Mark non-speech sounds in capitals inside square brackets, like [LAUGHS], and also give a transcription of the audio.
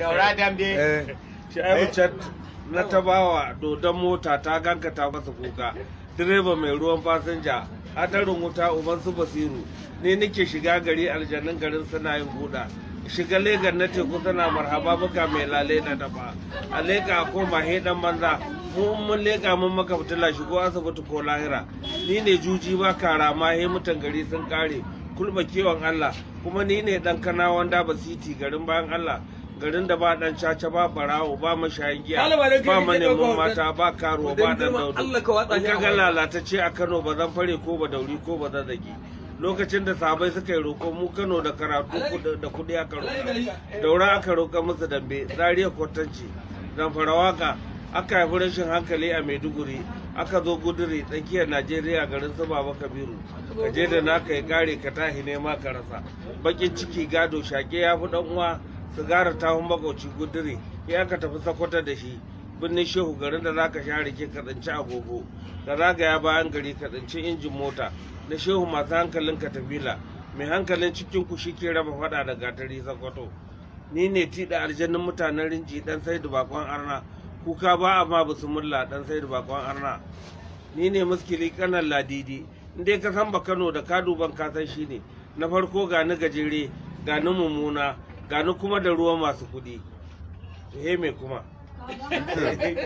daura dambe eh. shi'aibu eh. chat na tabawa dodon mota ta gankata masa kuka direba mai ruwan fasinja hadarin wuta uban su basiru ne nake shiga gari aljanun garin suna yin buɗa shiga legar na teku suna marhaba buka mai lale na daba a leka ko mahe dan banza mu mun leka mun maka fitila shigo asibiti ko lahira ni ne juji ba kara mahe mutan gari sun kare kulba kewan Allah kuma ni ne dan kanawan daba city garin bayan Allah garin da ba dan caca ba barawo ba mashayin giya ba manemin mata ba karuwa ba dan daudu in ka ga lalatacce a Kano ba zan fare ko ba dauri ko ba zazzage lokacin da sabai suka yi roƙo mu Kano da karatu da kuɗi aka roƙa eh. daura aka roƙa musu dambe zariya kwatanci fara ka aka haifi rashin hankali a maiduguri aka zo guduri tsakiyar najeriya garin su baba kabiru Kaje da naka ya kare ka tahi nema ka rasa bakin ciki gado shaƙe ya fi ɗan uwa sigara ta hun makauci gudure ya ka tafi sakwata da shi birnin shehu garin da zaka sha rike ka tsinci agogo ka zagaya bayan gari ka injin mota na shehu masu hankalin katafila mai hankalin cikin ku shi ke raba faɗa da gatari sakwato ni ne tiɗa aljannin mutanen rinji ɗan sai bakon arna kuka ba a ma bismillah dan sai da bakon arna ni ne muskili kanan ladidi in dai ka san ba kano da ka duban ka shi ne na farko ga ni gajere ga ni mummuna gani kuma da ruwa masu kudi to mai kuma [LAUGHS]